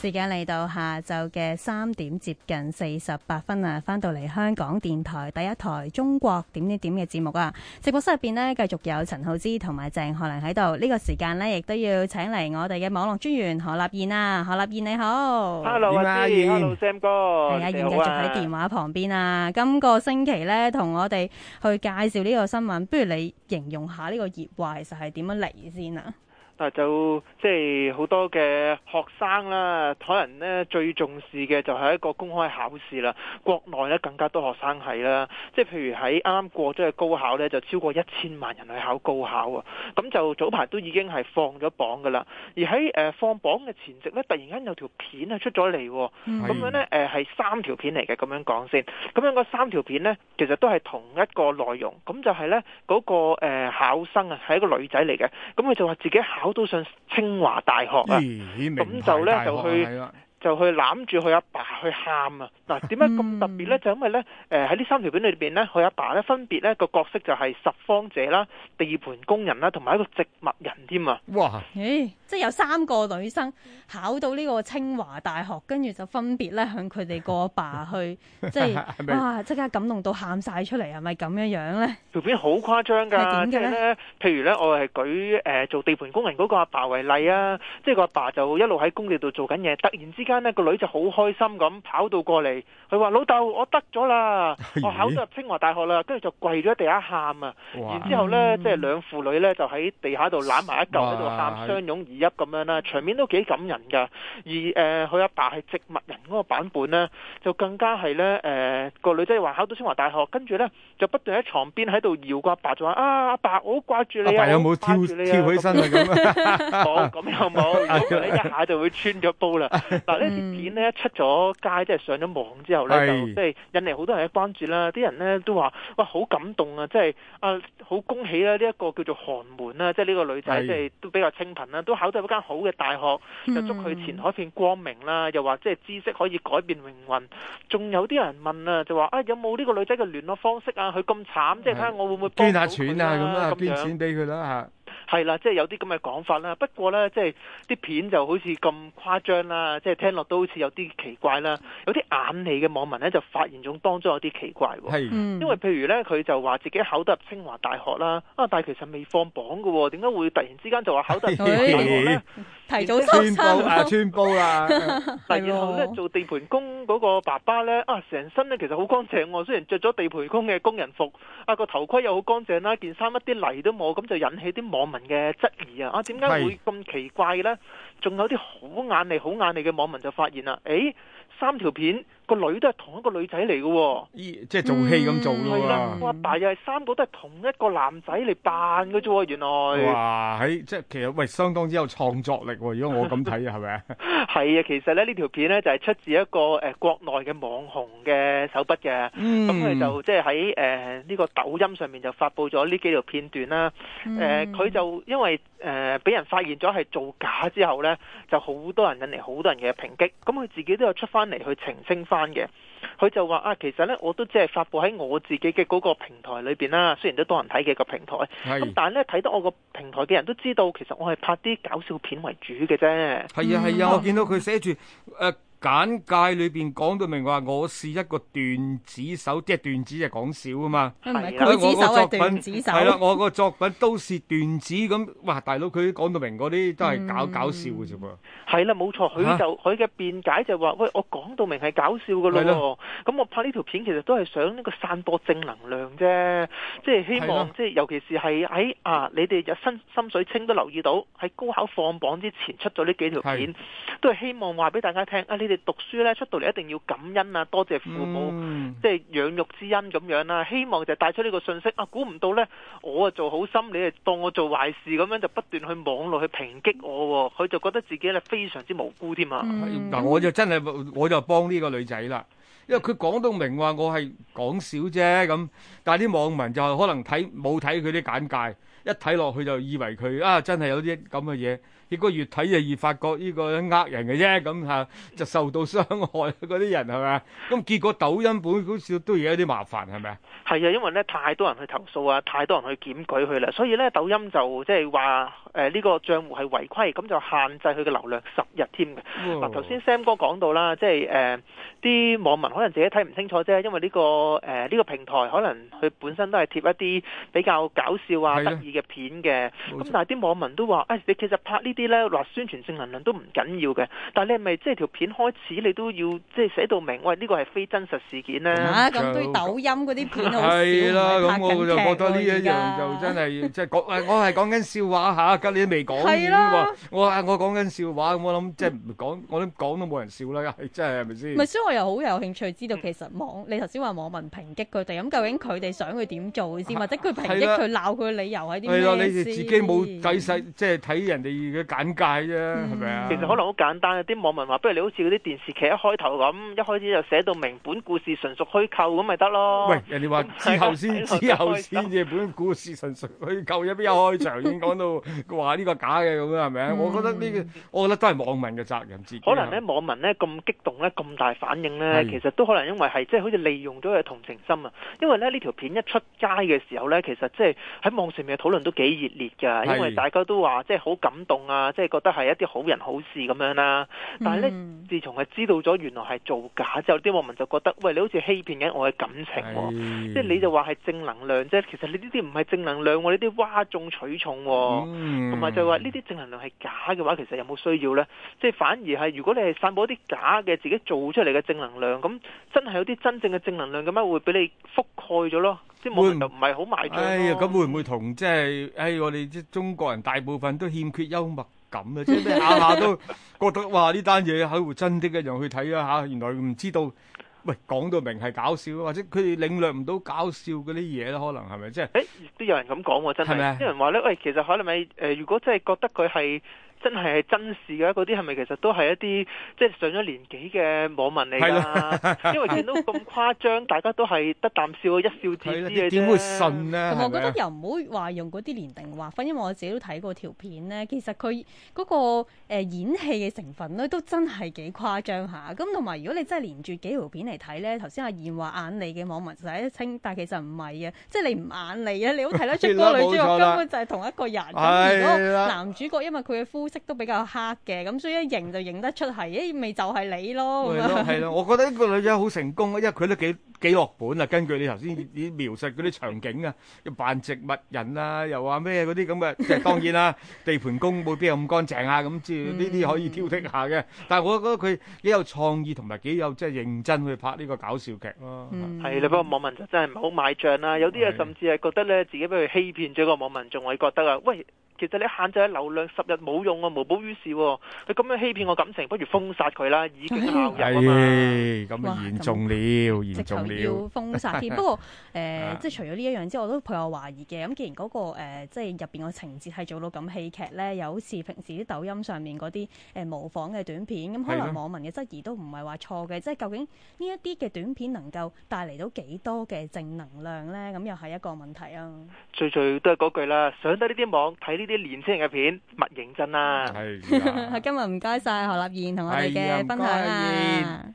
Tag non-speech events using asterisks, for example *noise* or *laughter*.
時間嚟到下晝嘅三點接近四十八分啊，翻到嚟香港電台第一台《中國點點點》嘅節目啊！直播室入邊呢，繼續有陳浩之同埋鄭學良喺度。呢、這個時間呢，亦都要請嚟我哋嘅網絡專員何立彥啊！何立彥你好，Hello 阿燕 are，Hello Sam 哥，係啊，繼、啊、續喺電話旁邊啊！今個星期呢，同我哋去介紹呢個新聞，不如你形容下呢個熱話其實係點樣嚟先啊？就即係好多嘅學生啦，可能咧最重視嘅就係一個公開考試啦。國內咧更加多學生係啦，即係譬如喺啱啱過咗嘅高考咧，就超過一千萬人去考高考啊。咁就早排都已經係放咗榜噶啦。而喺誒、呃、放榜嘅前夕咧，突然間有條片啊出咗嚟。咁、mm. 樣咧誒係三條片嚟嘅，咁樣講先。咁樣嗰三條片咧，其實都係同一個內容，咁就係咧嗰個誒、呃、考生啊係一個女仔嚟嘅，咁佢就話自己考。我都上清華大學啊，咁就咧就去。就去攬住佢阿爸去喊啊！嗱、啊，點解咁特別咧？就因為咧，誒喺呢三條片裏邊咧，佢阿爸咧分別咧個角色就係拾荒者啦、地盤工人啦，同埋一個植物人添啊！哇！誒、欸，即係有三個女生考到呢個清華大學，跟住就分別咧向佢哋個阿爸去， *laughs* 即係哇，即刻感動到喊晒出嚟，係咪咁樣樣咧？條片好誇張㗎，點解咧？譬如咧，我係舉誒、呃、做地盤工人嗰個阿爸，爸為例啊，即係個阿爸，爸就一路喺工地度做緊嘢，突然之間呢個女就好開心咁跑到過嚟，佢話，老豆我得咗啦，欸、我考到入清華大學啦，跟住就跪咗地下喊啊！哇然之後咧，即係兩父女呢，就喺地下度攬埋一嚿喺度喊，哇相擁而泣咁樣啦，場面都幾感人噶。而誒佢阿爸係植物人嗰個版本呢，就更加係呢誒個女仔話考到清華大學，跟住呢，就不斷喺床邊喺度搖個阿爸，就話啊阿爸我好掛住你，啊。阿爸，我掛住你。阿爸有冇跳，掛住你，跳起身啊咁啊？冇咁又冇，跟住咧一下就會穿咗煲啦嗱。 *laughs* 呢件呢出咗街，即、就、係、是、上咗網之後呢，是就即係引嚟好多人嘅關注啦。啲人呢都話：哇，好感動啊！即、就、係、是、啊，好恭喜啦、啊！呢、這、一個叫做寒門啦、啊，即係呢個女仔，即係是都比較清貧啦、啊，都考到一間好嘅大學，嗯、就祝佢前海一片光明啦、啊。又話即係知識可以改變命運。仲有啲人問啊，就話：啊、哎，有冇呢個女仔嘅聯絡方式啊？佢咁慘，即係睇下我會唔會幫、啊、捐下錢啊？咁樣捐錢俾佢啦嚇。係啦，即係有啲咁嘅講法啦。不過呢，即係啲片就好似咁誇張啦，即係聽落都好似有啲奇怪啦。有啲眼利嘅網民呢，就發現咗當中有啲奇怪喎。因為譬如呢，佢就話自己考得入清華大學啦，啊，但係其實未放榜㗎喎，點解會突然之間就話考得入大學呢？ *laughs* 提早收工啊！穿煲啦，嗱，然後咧做地盤工嗰個爸爸咧啊，成身咧其實好乾淨喎。雖然着咗地盤工嘅工人服啊，個頭盔又好乾淨啦，件衫一啲泥都冇，咁就引起啲網民嘅質疑啊！啊，點解會咁奇怪咧？仲有啲好眼利、好眼利嘅網民就發現啦，誒三條片個女都係同一個女仔嚟嘅，咦即係做戲咁做咯喎。係啦，大約又係三個都係同一個男仔嚟扮嘅啫喎，原來。哇！喺即係其實喂，相當之有創作力喎。如果我咁睇啊，係咪啊？係啊，其實咧呢條片咧就係出自一個誒國內嘅網紅嘅手筆嘅，咁佢就即係喺誒呢個抖音上面就發布咗呢幾條片段啦。誒佢就因為。誒俾、呃、人發現咗係造假之後呢，就好多人引嚟好多人嘅抨擊。咁佢自己都有出翻嚟去澄清翻嘅。佢就話啊，其實呢，我都只係發布喺我自己嘅嗰個平台裏邊啦。雖然都多人睇嘅個平台，咁、嗯、但係呢，睇到我個平台嘅人都知道，其實我係拍啲搞笑片為主嘅啫。係啊係啊，我見到佢寫住簡介裏面講到明話，我是一個段子手，即係段子係講笑㗎嘛。 *laughs* 即係讀書咧，出到嚟，一定要感恩啊，多謝父母，即係養育之恩咁樣啦。希望就帶出呢個信息啊。估唔到咧，我啊做好心，你係當我做壞事咁樣，就不斷去網絡去抨擊我，佢就覺得自己咧非常之無辜添啊。嗱，我就真係我就幫呢個女仔啦，因為佢講到明話，我係講少啫咁，但係啲網民就可能睇冇睇佢啲簡介。一睇落去就以為佢啊，真係有啲咁嘅嘢，結果越睇就越發覺呢個呃人嘅啫，咁吓、啊、就受到傷害嗰啲人係咪啊？咁結果抖音本好似都有一啲麻煩係咪啊？係啊，因為咧太多人去投訴啊，太多人去檢舉佢啦，所以咧抖音就即係話誒呢個賬戶係違規，咁就限制佢嘅流量十日添嘅。嗱、哦呃，頭先 Sam 哥講到啦，即係誒啲網民可能自己睇唔清楚啫，因為呢、呢個誒呢、呃呢個平台可能佢本身都係貼一啲比較搞笑啊的嘅片嘅，咁但係啲網民都話，誒，你其實拍呢啲咧，話宣傳性能量都唔緊要嘅，但係你係咪即係條片開始你都要即係寫到明，喂，呢個係非真實事件咧吓，咁對抖音嗰啲片係啦，咁我就覺得呢一樣就真係即係講，我係講緊笑話吓，而家你都未講，我我講緊笑話，我諗即係講，我講都冇人笑啦，真係係咪先？唔係，所以我又好有興趣知道，其實網你頭先話網民抨擊佢哋，咁究竟佢哋想佢點做先，或者佢抨擊佢鬧佢嘅理由係？係啊！你哋自己冇仔細，即係睇人哋嘅簡介啫，係咪啊？其實可能好簡單啊！啲網民話：不如你好似嗰啲電視劇一開頭咁，一開始就寫到明本故事純屬虛構咁，咪得咯？喂！人哋話之後先，之後先嘅本故事純屬虛構，有邊一,一開場已經講到話呢個假嘅咁樣，係咪啊？我覺得呢個，我覺得都係網民嘅責任。可能咧，網民咧咁激動咧，咁大反應咧，其實都可能因為係即係好似利用咗佢嘅同情心啊！因為咧呢條片一出街嘅時候咧，其實即係喺網上面嘅討論都幾熱烈噶，因為大家都話即係好感動啊，即係覺得係一啲好人好事咁樣啦、啊。但係呢，嗯、自從係知道咗原來係造假之後，啲網民就覺得：喂，你好似欺騙緊我嘅感情喎、啊！哎、即係你就話係正能量啫，其實你呢啲唔係正能量、啊，你啲嘩眾取寵、啊，同埋、嗯、就話呢啲正能量係假嘅話，其實有冇需要呢？即係反而係如果你係散播一啲假嘅自己做出嚟嘅正能量，咁真係有啲真正嘅正能量咁樣會俾你覆蓋咗咯。冇人唔係好賣賬？哎呀，咁會唔會同即係？哎，我哋即係中國人大部分都欠缺幽默感嘅，即係下下都覺得哇！呢單嘢係會真的嘅，又去睇啦吓。原來唔知道，喂，講到明係搞笑，或者佢哋領略唔到搞笑嗰啲嘢咧，可能係咪？即係，誒，都有人咁講喎，真係。啲人話咧，喂，其實可能係誒，如果真係覺得佢係。真係係真事嘅嗰啲係咪其實都係一啲即係上咗年紀嘅網民嚟㗎？ *laughs* 因為見到咁誇張， *laughs* 大家都係得啖笑一笑置之嘅啫。點會信呢？同埋我覺得又唔好話用嗰啲年齡劃分，因為我自己都睇過條片咧。其實佢嗰個演戲嘅成分咧都真係幾誇張吓。咁同埋如果你真係連住幾條片嚟睇咧，頭先阿燕話眼利嘅網民就睇一清，但係其實唔係啊。即係你唔眼利啊！你好睇得出嗰個女主角根本就係同一個人， *laughs* 啦而嗰個男主角因為佢嘅膚色都比較黑嘅，咁所以一認就認得出係，咦？咪就係你咯，係咯，係咯。我覺得呢個女仔好成功，因為佢都幾幾落本啊。根據你頭先啲描述嗰啲場景啊，扮植物人啊，又話咩嗰啲咁嘅，即係當然啦，地盤工未必有咁乾淨啊，咁之類呢啲可以挑剔下嘅。但係我覺得佢幾有創意同埋幾有即係認真去拍呢個搞笑劇。嗯，係啦，不過網民就真係唔係好買賬啦。有啲嘢，甚至係覺得咧，自己俾佢欺騙咗個網民仲會覺得啊，喂！其實你限制流量十日冇用啊，無補於事喎、啊。佢咁樣欺騙我感情，不如封殺佢啦，已經鬧咁嚴重了，嚴重了，要封殺 *laughs* 不過誒，呃、 *laughs* 即係除咗呢一樣之外，我都抱有懷疑嘅。咁既然嗰、嗰個、呃、即係入邊個情節係做到咁戲劇咧，好似平時啲抖音上面嗰啲誒模仿嘅短片，咁可能網民嘅質疑都唔係話錯嘅。的即係究竟呢一啲嘅短片能夠帶嚟到幾多嘅正能量咧？咁又係一個問題啊。最，最最都係嗰句啦，上得呢啲網睇呢。啲年輕人嘅片勿認真啦、啊。係、哎呀， *laughs* 今日唔該晒何立彥同我哋嘅分享啊、哎。